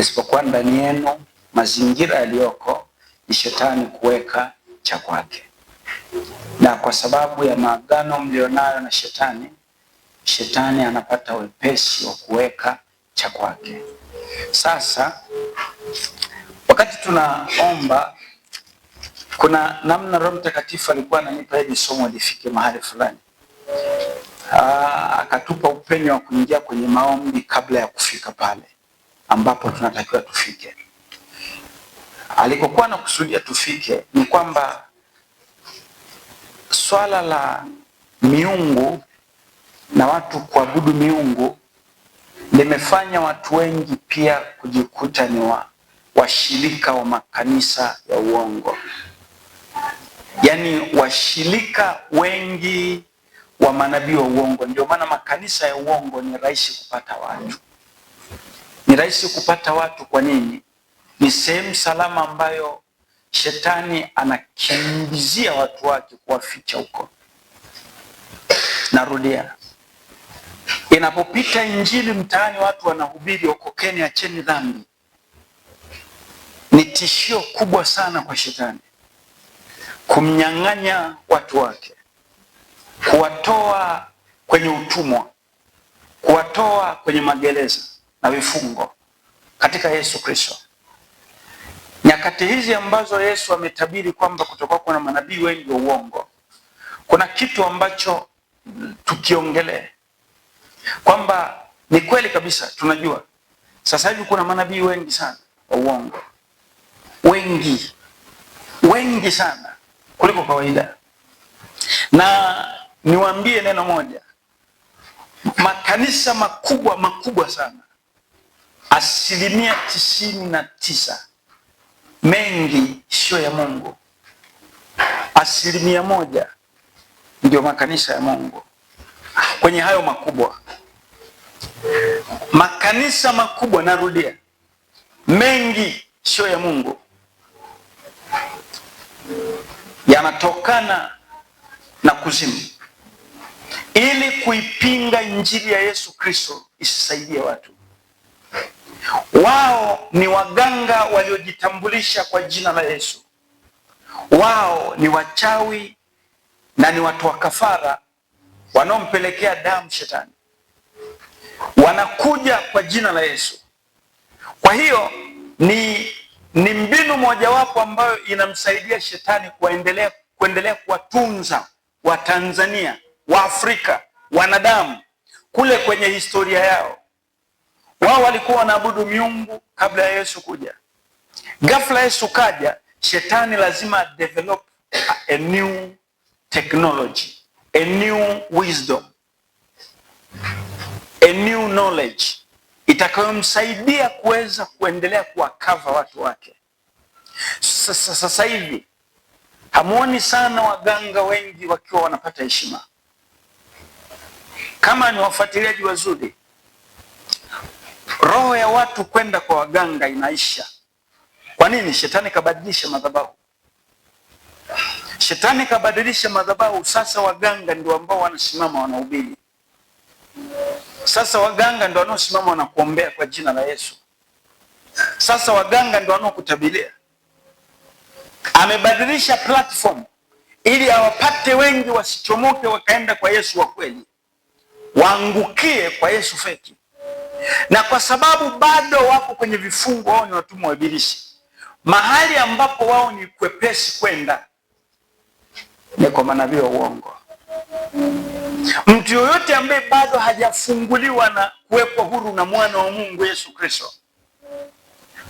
isipokuwa ndani yenu mazingira yaliyoko ni shetani kuweka cha kwake, na kwa sababu ya maagano mlionayo na shetani, shetani anapata wepesi wa kuweka cha kwake. Sasa wakati tunaomba, kuna namna Roho Mtakatifu alikuwa ananipa hili somo lifike mahali fulani, ah, akatupa upenyo wa kuingia kwenye maombi kabla ya kufika pale ambapo tunatakiwa tufike. Alikokuwa na kusudia tufike ni kwamba swala la miungu na watu kuabudu miungu limefanya watu wengi pia kujikuta ni washirika wa, wa makanisa ya uongo, yaani washirika wengi wa manabii wa uongo. Ndio maana makanisa ya uongo ni rahisi kupata watu ni rahisi kupata watu. Kwa nini? Ni sehemu salama ambayo shetani anakimbizia watu wake kuwaficha huko. Narudia, inapopita injili mtaani, watu wanahubiri okokeni, acheni dhambi, ni tishio kubwa sana kwa shetani kumnyang'anya watu wake, kuwatoa kwenye utumwa, kuwatoa kwenye magereza na vifungo katika Yesu Kristo. Nyakati hizi ambazo Yesu ametabiri kwamba kutakuwa kuna manabii wengi wa uongo, kuna kitu ambacho tukiongelee kwamba ni kweli kabisa. Tunajua sasa hivi kuna manabii wengi sana wa uongo, wengi wengi sana kuliko kawaida, na niwaambie neno moja, makanisa makubwa makubwa sana asilimia tisini na tisa mengi sio ya Mungu, asilimia moja ndio makanisa ya Mungu. Kwenye hayo makubwa makanisa makubwa, narudia, mengi sio ya Mungu, yanatokana na kuzimu ili kuipinga injili ya Yesu Kristo isisaidie watu. Wao ni waganga waliojitambulisha kwa jina la Yesu. Wao ni wachawi na ni watu wa kafara wanaompelekea damu shetani, wanakuja kwa jina la Yesu. Kwa hiyo ni, ni mbinu mojawapo ambayo inamsaidia shetani kuendelea kuendelea kuwatunza Watanzania, Waafrika, wanadamu kule kwenye historia yao wao walikuwa wanaabudu miungu kabla ya Yesu kuja. Ghafla Yesu kaja, shetani lazima develop a new technology, a new wisdom, a new knowledge itakayomsaidia kuweza kuendelea kuwakava watu wake. Sasa sasa hivi hamuoni sana waganga wengi wakiwa wanapata heshima. Kama ni wafuatiliaji wazuri Roho ya watu kwenda kwa waganga inaisha. Kwa nini? Shetani kabadilisha madhabahu. Shetani kabadilisha madhabahu. Sasa waganga ndio ambao wanasimama wanahubiri. Sasa waganga ndio wanaosimama wanakuombea kwa jina la Yesu. Sasa waganga ndio wanaokutabilia. Amebadilisha platform ili awapate wengi wasichomoke wakaenda kwa Yesu wa kweli, waangukie kwa Yesu feki na kwa sababu bado wako kwenye vifungo, wao ni watumwa wa Ibilisi. Mahali ambapo wao ni kwepesi kwenda ni kwa manabii wa uongo. Mtu yoyote ambaye bado hajafunguliwa na kuwekwa huru na mwana wa Mungu Yesu Kristo,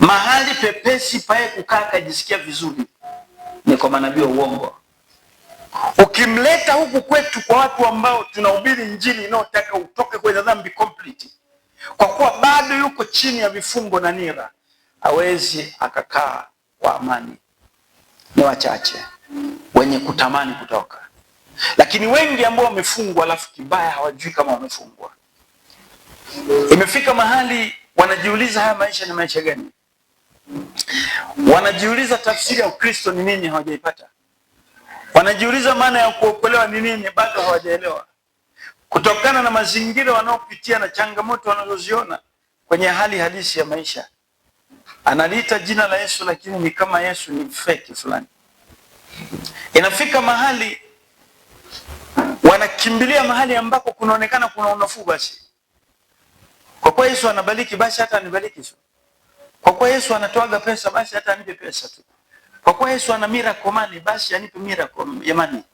mahali pepesi pae kukaa akajisikia vizuri ni kwa manabii wa uongo. Ukimleta huku kwetu kwa watu ambao tunahubiri injili inayotaka utoke kwenye dhambi complete kwa kuwa bado yuko chini ya vifungo na nira, hawezi akakaa kwa amani. Ni wachache wenye kutamani kutoka, lakini wengi ambao wamefungwa alafu kibaya hawajui kama wamefungwa. Imefika mahali wanajiuliza haya maisha ni maisha gani? Wanajiuliza tafsiri ya Ukristo ni nini, hawajaipata. Wanajiuliza maana ya kuokolewa ni nini, bado hawajaelewa kutokana na mazingira wanaopitia na changamoto wanazoziona kwenye hali halisi ya maisha. Analiita jina la Yesu, lakini ni kama Yesu ni feki fulani. Inafika mahali wanakimbilia mahali ambako kunaonekana kuna unafuu. Basi kwa kuwa Yesu anabariki, basi hata anibariki tu. Kwa kuwa Yesu anatoaga pesa, basi hata anipe pesa tu. Kwa kuwa Yesu ana miracle money, basi anipe miracle money.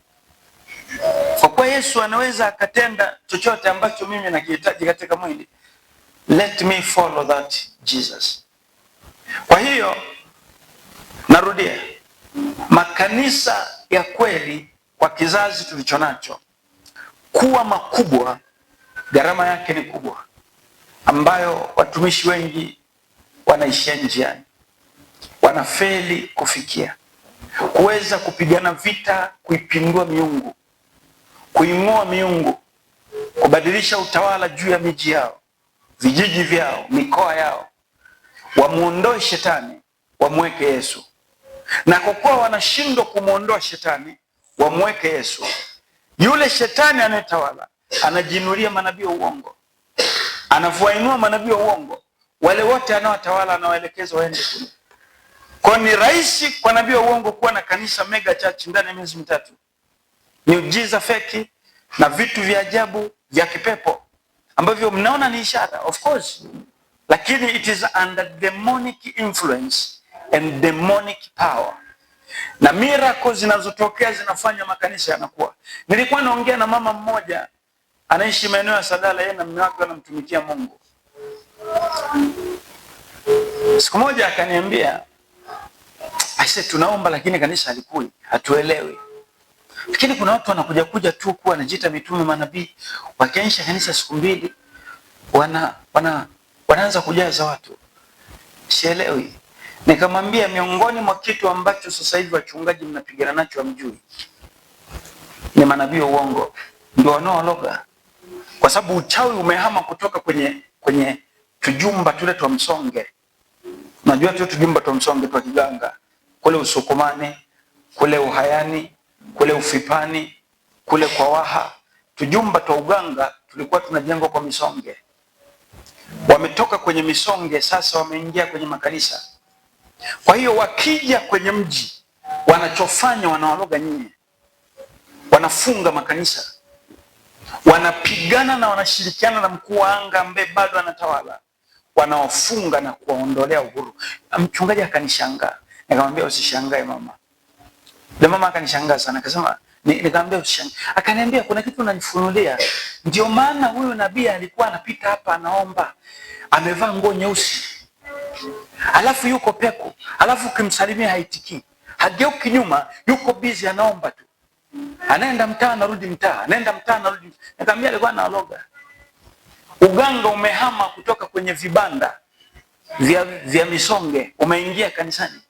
Kwa kuwa Yesu anaweza akatenda chochote ambacho mimi nakihitaji katika mwili, let me follow that Jesus. Kwa hiyo narudia, makanisa ya kweli kwa kizazi tulicho nacho kuwa makubwa, gharama yake ni kubwa, ambayo watumishi wengi wanaishia njiani, wanafeli kufikia kuweza kupigana vita kuipindua miungu kuing'oa miungu, kubadilisha utawala juu ya miji yao, vijiji vyao, mikoa yao, wamuondoe shetani, wamweke Yesu. Na kwa kuwa wanashindwa kumwondoa shetani, wamweke Yesu, yule shetani anayetawala anajinulia manabii wa uongo, anavuainua manabii wa uongo, wale wote anaowatawala anawaelekeza waende kule. Kwa ni rahisi kwa nabii wa uongo kuwa na kanisa mega church ndani ya miezi mitatu miujiza feki na vitu vya ajabu vya kipepo ambavyo mnaona ni ishara of course, lakini it is under demonic influence and demonic power na mirako zinazotokea zinafanya makanisa yanakuwa. Nilikuwa naongea na mama mmoja anaishi maeneo ya Sadala, yeye na mume wake wanamtumikia Mungu. Siku moja akaniambia, aise, tunaomba lakini kanisa halikui, hatuelewi. Lakini kuna watu wanakuja kuja tu kuwa wanajiita mitume manabii, wakianisha kanisa siku mbili wana, wana, wanaanza kujaza watu. Sielewi. Nikamwambia miongoni mwa kitu ambacho sasa hivi wachungaji mnapigana nacho hamjui ni manabii wa uongo, ndio wanaologa, kwa sababu uchawi umehama kutoka kwenye kwenye tujumba tule twa msonge. Unajua tu tujumba twa msonge twa kiganga kule Usukumani kule Uhayani kule Ufipani, kule kwa Waha, tujumba twa uganga tulikuwa tunajengwa kwa misonge. Wametoka kwenye misonge sasa wameingia kwenye makanisa. Kwa hiyo wakija kwenye mji, wanachofanya wanawaloga nyinyi, wanafunga makanisa, wanapigana na wanashirikiana na mkuu wa anga ambaye bado anatawala, wanaofunga na kuwaondolea uhuru. Mchungaji akanishangaa, nikamwambia usishangae mama ndio mama akanishangaa sana, akasema nikamwambia ushang, Akaniambia kuna kitu unanifunulia. Ndio maana huyu nabii alikuwa anapita hapa anaomba. Amevaa nguo nyeusi. Alafu yuko peko. Alafu ukimsalimia haitiki. Hageuki nyuma, yuko busy anaomba tu. Anaenda mtaa anarudi mtaa, anaenda mtaa anarudi. Nikamwambia alikuwa analoga. Uganga umehama kutoka kwenye vibanda vya, vya misonge umeingia kanisani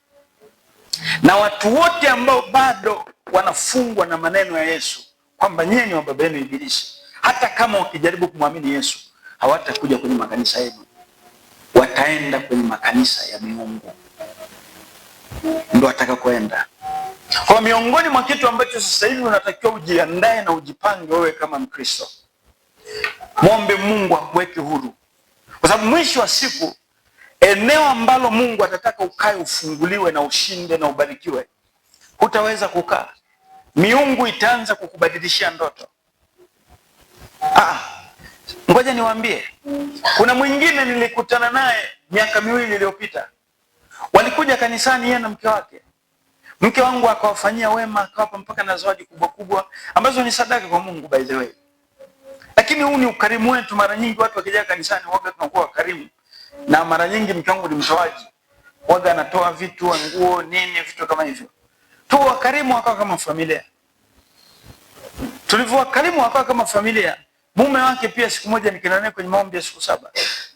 na watu wote ambao bado wanafungwa na maneno ya Yesu kwamba nyinyi ni wa baba yenu Ibilisi, hata kama wakijaribu kumwamini Yesu hawatakuja kwenye makanisa yenu, wataenda kwenye makanisa ya miungu, ndio kuenda Kwa miongoni mwa kitu ambacho sasa hivi unatakiwa ujiandae na ujipange wewe kama Mkristo, mwombe Mungu akuweke huru, kwa sababu mwisho wa siku Eneo ambalo Mungu atataka ukae, ufunguliwe na ushinde na ubarikiwe, hutaweza kukaa. Miungu itaanza kukubadilishia ndoto. Ah, ngoja niwaambie, kuna mwingine nilikutana naye miaka miwili iliyopita, walikuja kanisani yeye na mke wake. Mke wangu akawafanyia wema, akawapa mpaka na zawadi kubwa kubwa ambazo ni sadaka kwa Mungu by the way. Lakini huu ni ukarimu wetu. Mara nyingi watu wakija kanisani, waga tunakuwa wakarimu na mara nyingi mke wangu ni mtoaji, waga anatoa vitu, nguo, nini, vitu kama hivyo tu, wakarimu wakawa kama familia. Tulivyowakarimu wakawa kama familia. Mume wake pia siku moja nikaenda naye kwenye maombi ya siku saba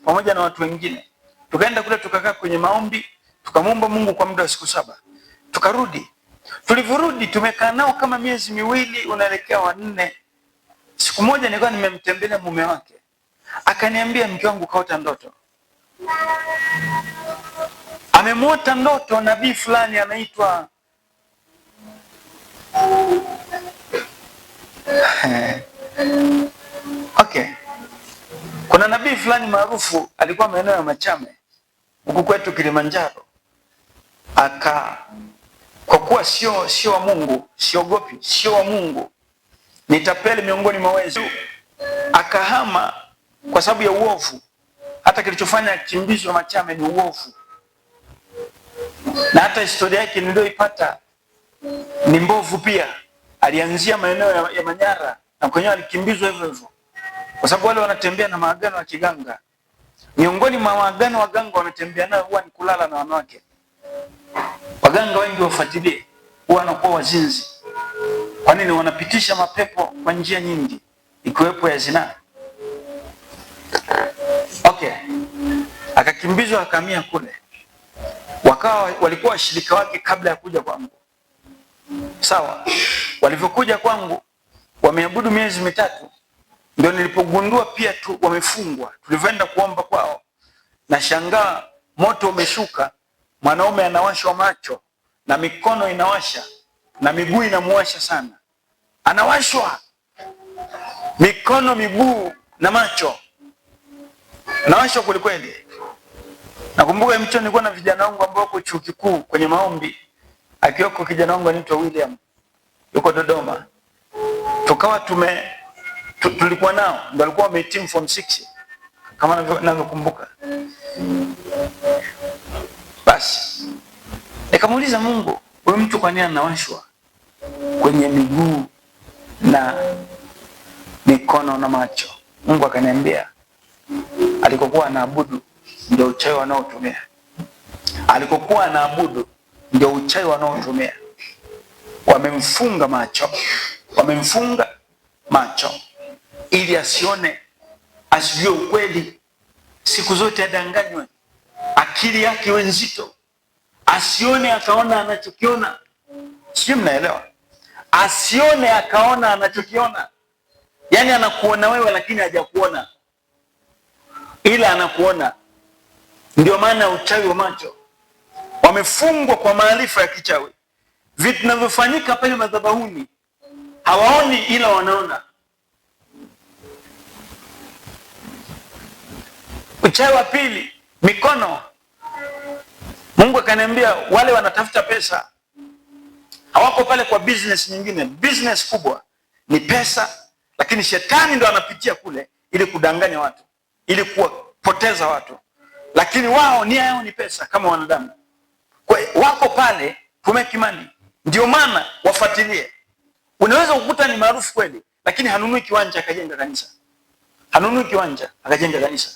pamoja na watu wengine, tukaenda kule tukakaa kwenye maombi tukamwomba Mungu kwa muda wa siku saba, tukarudi. Tulivyorudi tumekaa nao kama miezi miwili unaelekea wanne. Siku moja nilikuwa nimemtembelea mume wake, akaniambia mke wangu kaota ndoto amemwota ndoto nabii fulani anaitwa okay. Kuna nabii fulani maarufu alikuwa maeneo ya Machame huku kwetu Kilimanjaro, aka kwa kuwa sio sio wa Mungu, siogopi, sio wa Mungu, nitapeli miongoni mwa wezi, akahama kwa sababu ya uovu hata kilichofanya kimbizwe Machame ni uovu, na hata historia yake niliyoipata ni mbovu pia. Alianzia maeneo ya, ya Manyara na kwenyewe alikimbizwa hivyo hivyo, kwa sababu wale wanatembea na maagano ya kiganga. Miongoni mwa maagano waganga wanatembea nayo huwa ni kulala na wanawake. Waganga wengi wafuatilie, huwa wanakuwa wazinzi. Kwa nini? Wanapitisha mapepo kwa njia nyingi, ikiwepo ya zinaa wake akakimbizwa akamia kule, wakawa walikuwa washirika wake kabla ya kuja kwangu. Sawa, walivyokuja kwangu wameabudu miezi mitatu, ndio nilipogundua pia tu wamefungwa. Tulivyoenda kuomba kwao, nashangaa moto umeshuka, mwanaume anawashwa macho na mikono inawasha na miguu inamuwasha sana, anawashwa mikono, miguu na macho nawashwa kwelikweli. Nakumbuka mcho nilikuwa na vijana wangu ambao wako chuo kikuu kwenye maombi, akiwako kijana wangu anaitwa William yuko Dodoma, tukawa tume tu, tulikuwa nao ndio walikuwa wamehitimu form 6 kama navyokumbuka. Basi nikamuuliza Mungu, huyu mtu kwa nini anawashwa kwenye miguu na mikono na macho? Mungu akaniambia alikokuwa anaabudu ndio uchawi wanaotumia, alikokuwa anaabudu ndio uchawi wanaotumia. Wamemfunga macho, wamemfunga macho ili asione, asijue ukweli, siku zote adanganywe, akili yake iwe nzito, asione akaona anachokiona. Sijui mnaelewa? Asione akaona anachokiona, yaani anakuona wewe, lakini hajakuona ila anakuona. Ndio maana uchawi wa macho wamefungwa kwa maarifa ya kichawi. Vitu vinavyofanyika pale madhabahuni hawaoni, ila wanaona. Uchawi wa pili, mikono. Mungu akaniambia wale wanatafuta pesa hawako pale kwa business nyingine. Business kubwa ni pesa, lakini shetani ndo anapitia kule ili kudanganya watu ili kuwapoteza watu, lakini wao nia yao ni pesa kama wanadamu. Kwa wako pale kumeki mani, ndio maana wafuatilie. Unaweza kukuta ni maarufu kweli, lakini hanunui kiwanja akajenga kanisa, hanunui kiwanja akajenga kanisa.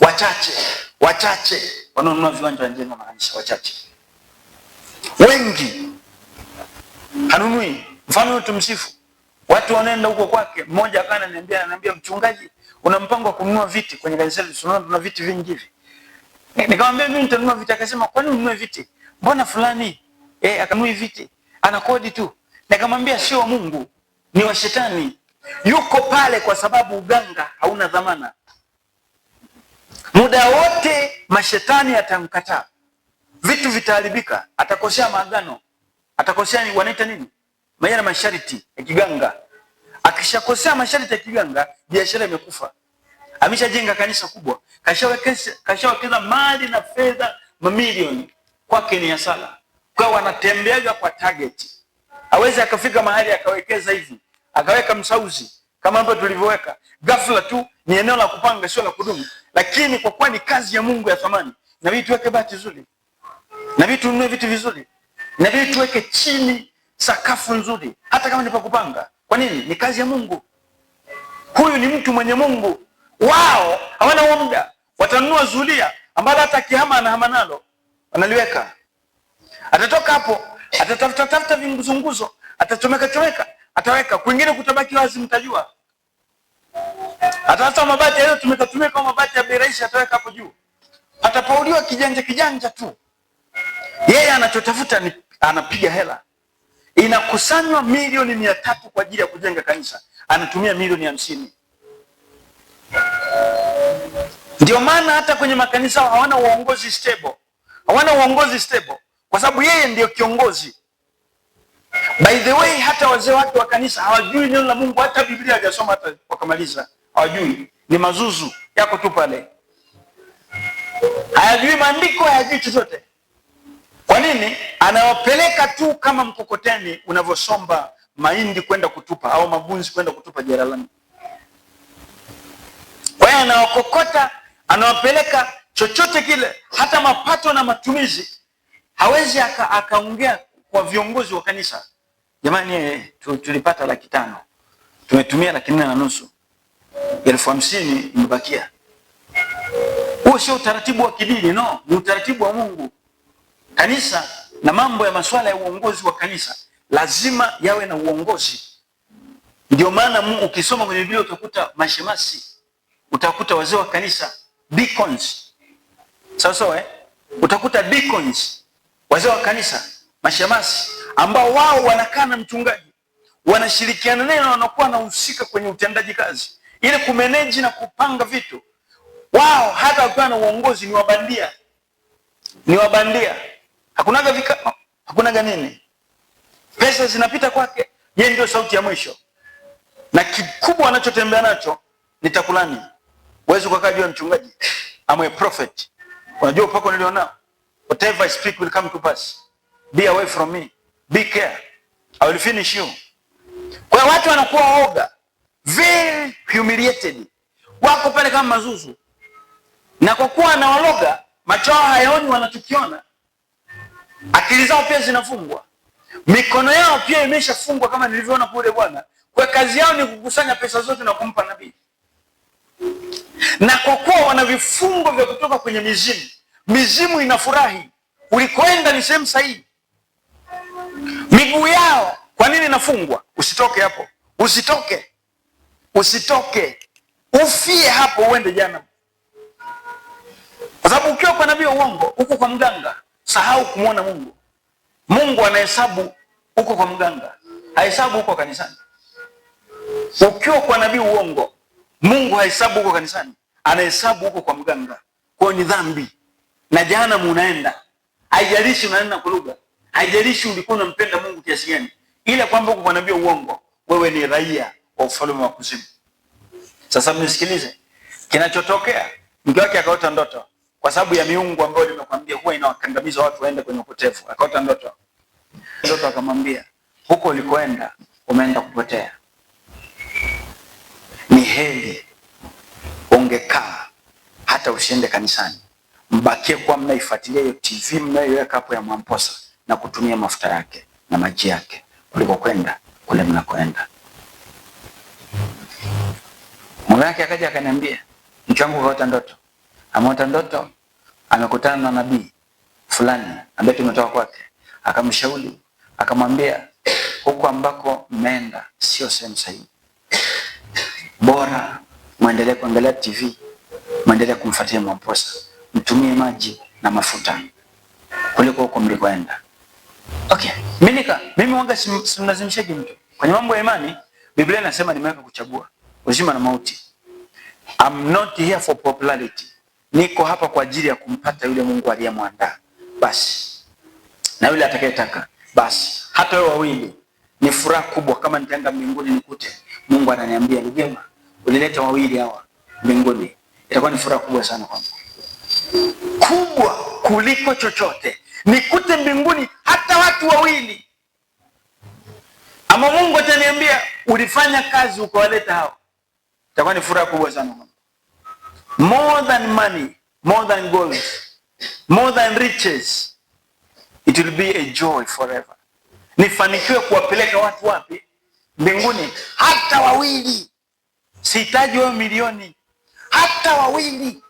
Wachache wachache wanaonunua viwanja wanajenga makanisa, wachache. Wengi hanunui. Mfano msifu, watu wanaenda huko kwake. Mmoja akana niambia, ananiambia mchungaji una mpango wa kununua viti kwenye kanisa letu, tunaona tuna viti vingi hivi. Nikamwambia mimi nitanunua viti, akasema kwa nini ununue viti? Mbona fulani eh, akanunua viti, ana kodi tu. Nikamwambia sio wa Mungu, ni wa shetani. Yuko pale kwa sababu uganga hauna dhamana. Muda wote mashetani atamkataa, vitu vitaharibika, atakosea maagano, atakosea wanaita nini, majana masharti ya kiganga akishakosea masharti ya kiganga, biashara imekufa. Ameshajenga kanisa kubwa, kashawekeza mali na fedha mamilioni, kwake ni hasara. Kwa wanatembeaga kwa target, aweze akafika mahali akawekeza hivi, akaweka msauzi kama hapa tulivyoweka, ghafla tu ni eneo la kupanga, sio la kudumu. Lakini kwa kuwa ni kazi ya Mungu ya thamani, na vitu tuweke bati nzuri, na vitu tununue vitu vizuri, na vitu tuweke chini sakafu nzuri, hata kama ni pa kupanga kwa nini? Ni kazi ya Mungu. Huyu ni mtu mwenye Mungu. Wao hawana huo muda, watanunua zulia ambalo hata akihama anahama nalo, analiweka. Atatoka hapo, atatafuta tafuta vinguzunguzo, atachomeka chomeka, ataweka kwingine, kutabaki wazi, mtajua. Atatafuta mabati hayo tumika au mabati ya beraisha, ataweka hapo juu. Atapauliwa kijanja kijanja tu. Yeye anachotafuta ni anapiga hela inakusanywa milioni mia tatu kwa ajili ya kujenga kanisa, anatumia milioni hamsini. Ndio maana hata kwenye makanisa hawana uongozi stable, hawana uongozi stable kwa sababu yeye ndiyo kiongozi. By the way, hata wazee wake wa kanisa hawajui neno la Mungu, hata Biblia hajasoma, hata wakamaliza hawajui, ni mazuzu yako tu pale, hayajui maandiko, hayajui chochote. Kwa nini anawapeleka tu kama mkokoteni unavyosomba mahindi kwenda kutupa au magunzi kwenda kutupa jeralani. Kwa hiyo anawakokota, anawapeleka chochote kile, hata mapato na matumizi. Hawezi akaongea kwa viongozi wa kanisa, jamani, eh, tulipata laki tano tumetumia laki nne na nusu, elfu hamsini imebakia. Huo sio utaratibu wa kidini, no, ni utaratibu wa Mungu. Kanisa na mambo ya masuala ya uongozi wa kanisa lazima yawe na uongozi. Ndio maana ukisoma kwenye Biblia utakuta mashemasi, utakuta wazee wa kanisa deacons, sawa sawa eh? Utakuta deacons, wazee wa kanisa, mashemasi ambao wao wanakaa na mchungaji, wanashirikiana naye na wanakuwa wanahusika kwenye utendaji kazi ili kumeneji na kupanga vitu. Wao hata wakiwa na uongozi ni wabandia, ni wabandia hakunaga vikao, hakunaga nini, pesa zinapita kwake. ye ndio sauti ya mwisho, na kikubwa anachotembea nacho ni takulani. Huwezi ukakaa juu ya mchungaji, amwe prophet. Unajua upako nilio whatever I speak will come to pass, be away from me, be care, I will finish you. Kwa watu wanakuwa waoga, very humiliated, wako pale kama mazuzu, na kwa kuwa anawaloga macho yao hayaoni wanachokiona akili zao pia zinafungwa, mikono yao pia imeshafungwa, kama nilivyoona kule bwana. Kwa kazi yao ni kukusanya pesa zote na kumpa nabii, na kwa kuwa wana vifungo vya kutoka kwenye mizimu, mizimu inafurahi ulikoenda ni sehemu sahihi. Miguu yao kwa nini inafungwa? Usitoke hapo, usitoke, usitoke, ufie hapo, uende jana, kwa sababu ukiwa kwa nabii wa uongo, huko kwa mganga. Sahau kumwona Mungu. Mungu anahesabu huko kwa mganga, hahesabu huko kanisani. Ukiwa kwa nabii uongo, Mungu hahesabu huko kanisani, anahesabu huko kwa mganga. Kwayo ni dhambi na jehanamu unaenda, haijalishi unaenda kwa lugha, haijalishi ulikuwa unampenda Mungu kiasi gani, ila kwamba huko kwa nabii uongo, wewe ni raia wa ufalme wa kuzimu. Sasa mnisikilize, kinachotokea mke wake akaota ndoto kwa sababu ya miungu ambayo nimekwambia huwa inawakandamiza watu waende kwenye upotevu. Akaota ndoto, ndoto akamwambia, huko ulikoenda umeenda kupotea, ni heri ungekaa hata usiende kanisani, mbakie kuwa mnaifuatilia hiyo TV mnayoiweka hapo ya Mwamposa na kutumia mafuta yake na maji yake kuliko kwenda kule mnakoenda. Mume wake akaja akaniambia, mke kaota ndoto ameota ndoto, amekutana na nabii fulani ambaye tumetoka kwake, akamshauri akamwambia, huku ambako mmeenda sio sehemu sahihi, bora mwendelee kuangalia TV, mwendelee kumfuatilia Mwamposa, mtumie maji na mafuta kuliko huko mlikoenda. Okay, minika mimi wanga simlazimishaji mtu kwenye mambo ya imani. Biblia inasema nimeweka kuchagua uzima na mauti. I'm not here for popularity niko hapa kwa ajili ya kumpata yule Mungu aliyemwandaa, basi na yule atakayetaka basi. Hata wewe wawili ni furaha kubwa, kama nitaenda mbinguni nikute Mungu ananiambia ni Lugema, unileta wawili hawa mbinguni, itakuwa ni furaha kubwa sana kwangu, kubwa kuliko chochote, nikute mbinguni hata watu wawili, ama Mungu ataniambia ulifanya kazi ukawaleta hao, itakuwa ni furaha kubwa sana kwangu more than money, more than gold, more than riches, it will be a joy forever. Nifanikiwe kuwapeleka watu wapi? Mbinguni. Hata wawili, sihitaji wewe milioni, hata wawili,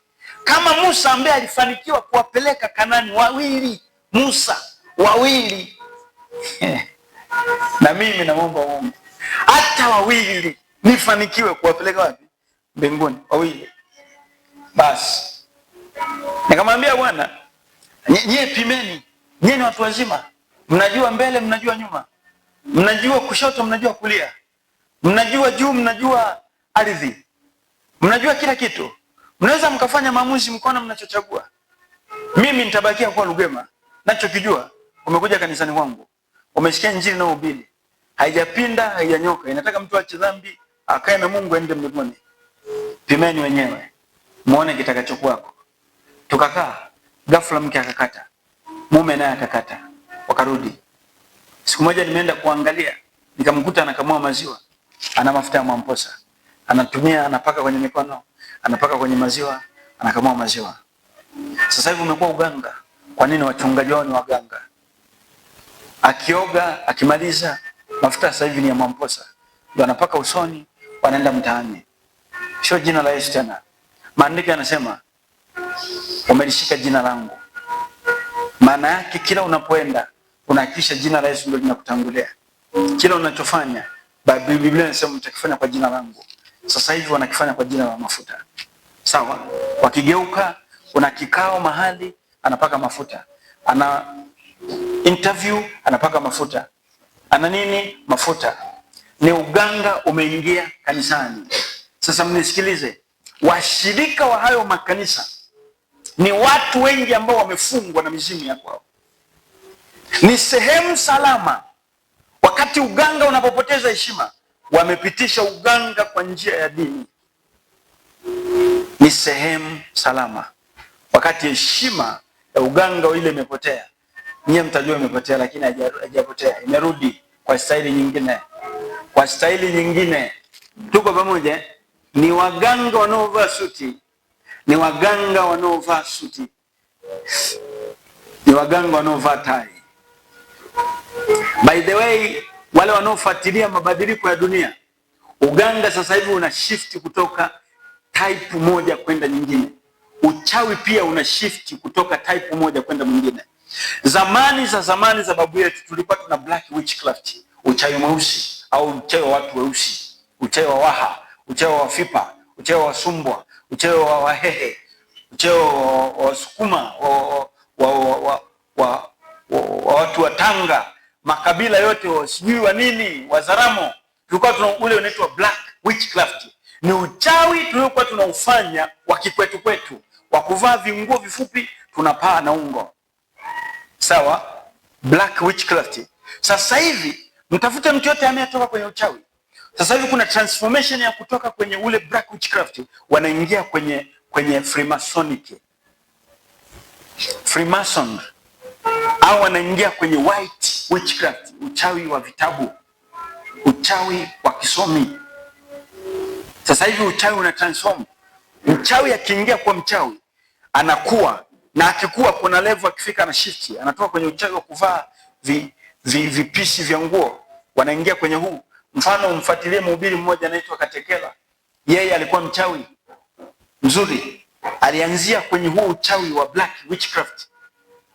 kama Musa ambaye alifanikiwa kuwapeleka Kanani, wawili Musa wawili na mimi namwomba Mungu hata wawili nifanikiwe kuwapeleka wapi? Mbinguni wawili. Basi nikamwambia bwana, nyie pimeni, nyie ni watu wazima, mnajua mbele, mnajua nyuma, mnajua kushoto, mnajua kulia, mnajua juu, mnajua ardhi, mnajua kila kitu. Mnaweza mkafanya maamuzi, mkona mnachochagua. Mimi nitabakia kuwa Lugema, nachokijua. Umekuja kanisani kwangu, umesikia injili na ubili, haijapinda haijanyoka, inataka mtu ache dhambi akae na Mungu aende mbinguni. Pimeni wenyewe muone kitakachokuwako. Tukakaa, ghafla mke akakata, mume naye akakata, wakarudi. Siku moja nimeenda kuangalia, nikamkuta anakamua maziwa, ana mafuta ya mwamposa anatumia, anapaka kwenye mikono, anapaka kwenye maziwa, anakamua maziwa. Sasa hivi umekuwa uganga. Kwa nini? Wachungaji wao ni waganga. Akioga akimaliza, mafuta sasa hivi ni ya mwamposa, ndio anapaka usoni, wanaenda mtaani. Sio jina la Yesu tena. Maandiko yanasema umelishika jina langu. Maana yake kila unapoenda unahakikisha jina la Yesu ndio linakutangulia. Kila unachofanya Biblia inasema mtakifanya kwa jina langu. Sasa hivi wanakifanya kwa jina la mafuta. Sawa? Wakigeuka kuna kikao mahali anapaka mafuta. Ana interview anapaka mafuta. Ana nini? Mafuta. Ni uganga umeingia kanisani. Sasa mnisikilize washirika wa hayo makanisa ni watu wengi ambao wamefungwa na mizimu ya kwao. Ni sehemu salama wakati uganga unapopoteza heshima, wamepitisha uganga kwa njia ya dini. Ni sehemu salama wakati heshima ya uganga ile imepotea, nyie mtajua imepotea, lakini haijapotea, imerudi kwa staili nyingine, kwa staili nyingine. Tuko pamoja? Eh? ni waganga wanaovaa suti, ni waganga wanaovaa suti, ni waganga wanaovaa tai. By the way, wale wanaofuatilia mabadiliko ya dunia, uganga sasa hivi una shift kutoka type moja kwenda nyingine. Uchawi pia una shift kutoka type moja kwenda mwingine. Zamani za zamani za babu yetu tulikuwa tuna black witchcraft, uchawi mweusi au uchawi wa watu weusi, uchawi wa waha Uchewa wa Fipa, Uchewa wa Sumbwa, Uchewa wa Wahehe, Uchewa wa Wasukuma, wa, wa, wa, wa, wa, wa, wa, wa watu wa Tanga, makabila yote sijui wa nini, Wazaramo. Tulikuwa tuna ule unaitwa black witchcraft, ni uchawi tuliokuwa tunaufanya wa kikwetu kwetu, wa kuvaa vinguo vifupi, tunapaa na ungo sawa, black witchcraft. Sasa hivi mtafute mtu yote anayetoka kwenye uchawi sasa hivi kuna transformation ya kutoka kwenye ule black witchcraft wanaingia kwenye kwenye Freemasonic. Freemason au wanaingia kwenye white witchcraft, uchawi wa vitabu, uchawi wa kisomi. Sasa hivi uchawi una transform. Mchawi akiingia kwa mchawi anakuwa na akikuwa, kuna level akifika na shift, anatoka kwenye uchawi wa kuvaa vi, vi, vya nguo wanaingia kwenye huu Mfano, umfuatilie mhubiri mmoja anaitwa Katekela. Yeye alikuwa mchawi mzuri, alianzia kwenye huu uchawi wa black witchcraft.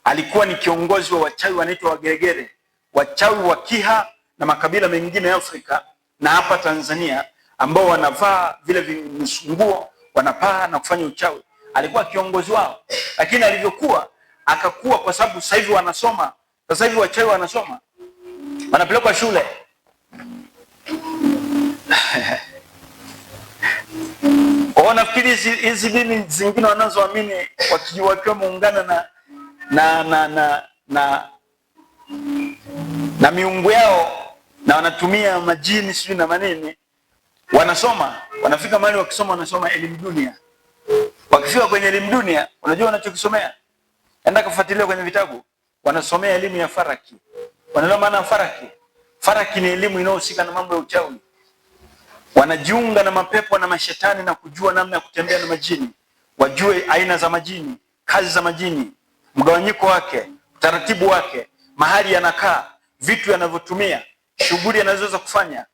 Alikuwa ni kiongozi wa wachawi wanaitwa Wageregere, wachawi wa Kiha na makabila mengine ya Afrika na hapa Tanzania, ambao wanavaa vile vinguo, wanapaa na kufanya uchawi. Alikuwa kiongozi wao, lakini alivyokuwa akakuwa, kwa sababu sasa hivi wanasoma, sasa hivi wachawi wanasoma, wanapelekwa shule Kwao nafikiri hizi dini zingine wanazoamini wakijua wakiwa muungana na na na na na, na miungu yao na wanatumia majini sijui na manini, wanasoma wanafika mahali wakisoma, wanasoma elimu dunia. Wakifika kwenye elimu dunia, unajua wanachokisomea, enda kufuatilia kwenye vitabu, wanasomea elimu ya faraki. Wanaelewa maana ya faraki? Faraki ni elimu inayohusika na mambo ya uchawi wanajiunga na mapepo na mashetani na kujua namna ya kutembea na majini, wajue aina za majini, kazi za majini, mgawanyiko wake, utaratibu wake, mahali yanakaa, vitu yanavyotumia, shughuli yanazoweza kufanya,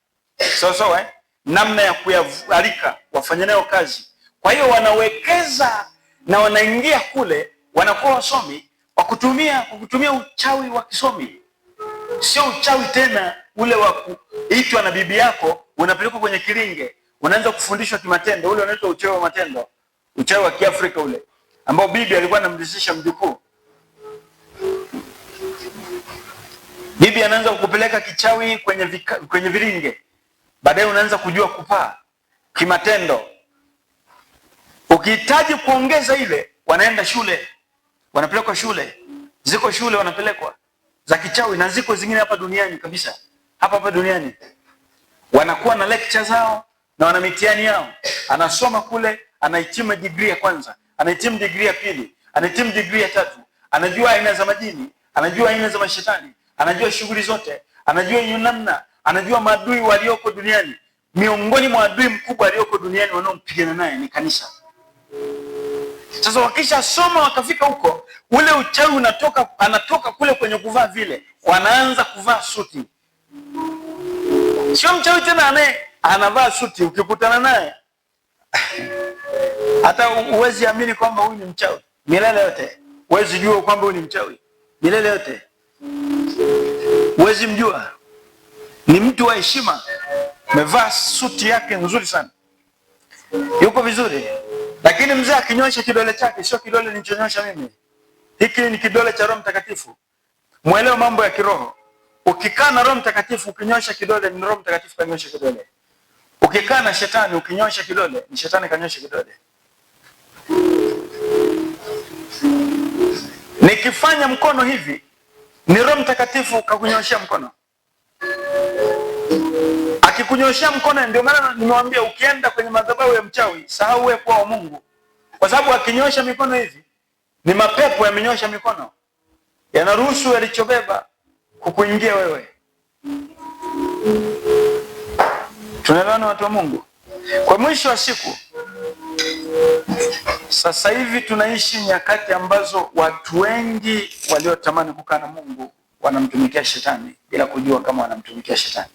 sawa sawa, eh? namna ya kuyaalika wafanya nayo kazi. Kwa hiyo wanawekeza na wanaingia kule, wanakuwa wasomi kwa kutumia kwa kutumia uchawi wa kisomi, sio uchawi tena ule wa kuitwa na bibi yako unapelekwa kwenye kilinge, unaanza kufundishwa kimatendo. Ule unaitwa uchawi wa matendo, uchawi wa Kiafrika ule ambao bibi alikuwa anamdhisisha mjukuu. Bibi anaanza kukupeleka kichawi kwenye vika, kwenye vilinge, baadaye unaanza kujua kupaa kimatendo. Ukihitaji kuongeza ile, wanaenda shule, wanapelekwa shule, ziko shule wanapelekwa za kichawi, na ziko zingine hapa duniani kabisa, hapa hapa duniani wanakuwa na lecture zao na wana mitihani yao. Anasoma kule, anahitimu degree ya kwanza, anahitimu degree ya pili, anahitimu degree ya tatu, anajua aina za majini, anajua aina za mashetani, anajua shughuli zote, anajua hiyo namna, anajua maadui walioko duniani. Miongoni mwa adui mkubwa alioko duniani wanaompigana naye ni kanisa. Sasa soma wakafika huko, ule uchawi unatoka, anatoka kule kwenye kuvaa vile, wanaanza kuvaa suti sio mchawi tena, ane anavaa suti, ukikutana naye hata uwezi amini kwamba huyu ni mchawi milele yote, uwezi jua kwamba huyu ni mchawi milele yote, uwezi mjua. Ni mtu wa heshima, amevaa suti yake nzuri sana, yuko vizuri, lakini mzee akinyosha kidole chake, sio kidole nilichonyosha mimi, hiki ni kidole cha Roho Mtakatifu. Mwelewe mambo ya kiroho. Ukikaa na Roho Mtakatifu ukinyosha kidole ni Roho Mtakatifu kanyosha kidole. Ukikaa na shetani ukinyosha kidole ni shetani kanyosha kidole. Nikifanya mkono hivi ni Roho Mtakatifu kakunyoshea mkono. Akikunyoshea mkono, ndio maana nimewambia, ukienda kwenye madhabahu ya mchawi sahau wewe kuwa wa Mungu, kwa sababu akinyosha mikono hivi ni mapepo yamenyosha mikono, yanaruhusu yalichobeba kukuingia wewe. Tunaelewana watu wa Mungu? Kwa mwisho wa siku, sasa hivi tunaishi nyakati ambazo watu wengi waliotamani kukaa na Mungu wanamtumikia shetani bila kujua kama wanamtumikia shetani,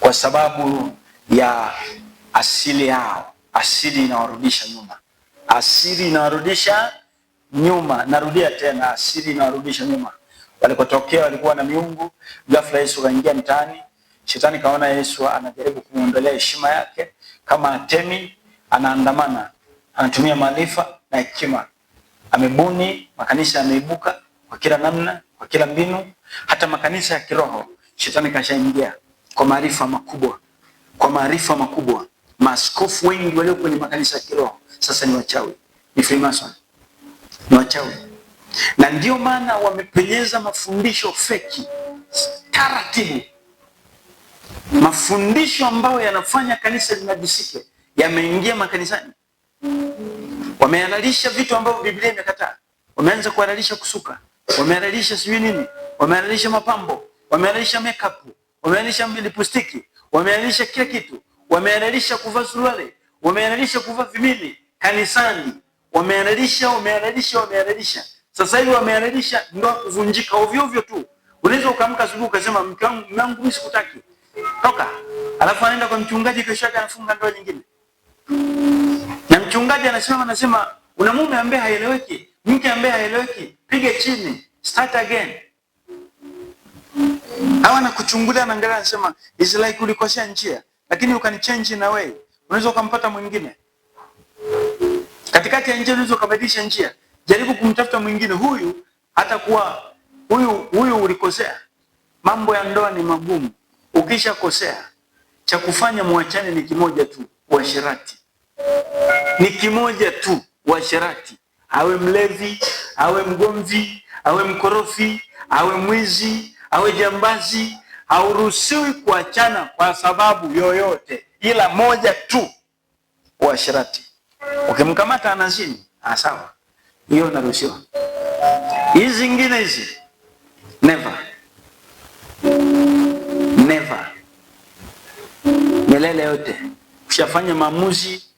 kwa sababu ya asili yao. Asili inawarudisha nyuma, asili inawarudisha nyuma. Narudia tena, asili inawarudisha nyuma walikotokea walikuwa na miungu. Ghafla Yesu kaingia mtaani, shetani kaona Yesu anajaribu kumuondolea heshima yake kama Atemi, anaandamana, anatumia maarifa na hekima, amebuni makanisa, yameibuka kwa kila namna, kwa kila mbinu, hata makanisa ya kiroho. Shetani kashaingia kwa maarifa makubwa, kwa maarifa makubwa. Maaskofu wengi walio kwenye makanisa ya kiroho sasa ni wachawi, ni Freemason, ni wachawi na ndio maana wamepenyeza mafundisho feki taratibu, mafundisho ambayo yanafanya kanisa linajisike yameingia makanisani. Wamehalalisha vitu ambavyo Biblia imekataa, wameanza kuhalalisha kusuka, wamehalalisha sijui nini, wamehalalisha mapambo, wamehalalisha makeup, wamehalalisha lipstiki, wamehalalisha kila kitu, wamehalalisha kuvaa suruali, wamehalalisha kuvaa vimini kanisani, wamehalalisha, wamehalalisha, wamehalalisha sasa hivi wameanzisha ndoa kuvunjika ovyo ovyo tu. Unaweza ukaamka asubuhi ukasema mke wangu mimi sikutaki. Toka. Alafu anaenda kwa mchungaji kesho yake anafunga ndoa nyingine. Na mchungaji anasema anasema una mume ambaye haeleweki, mke ambaye haeleweki, pige chini, start again. Hawa na kuchungulia na ngara anasema is like ulikosea njia, lakini ukanichange na wewe. Unaweza ukampata mwingine. Katikati ya njia unaweza ukabadilisha njia jaribu kumtafuta mwingine. Huyu hatakuwa huyu, huyu ulikosea. Mambo ya ndoa ni magumu, ukishakosea cha kufanya muachane ni kimoja tu, uasherati. Ni kimoja tu, uasherati. Awe mlevi, awe mgomvi, awe mkorofi, awe mwizi, awe jambazi, hauruhusiwi kuachana kwa sababu yoyote, ila moja tu, uasherati. Ukimkamata anazini, ah, sawa hiyo naruhusiwa. Hizi zingine hizi never never, milele yote ushafanya maamuzi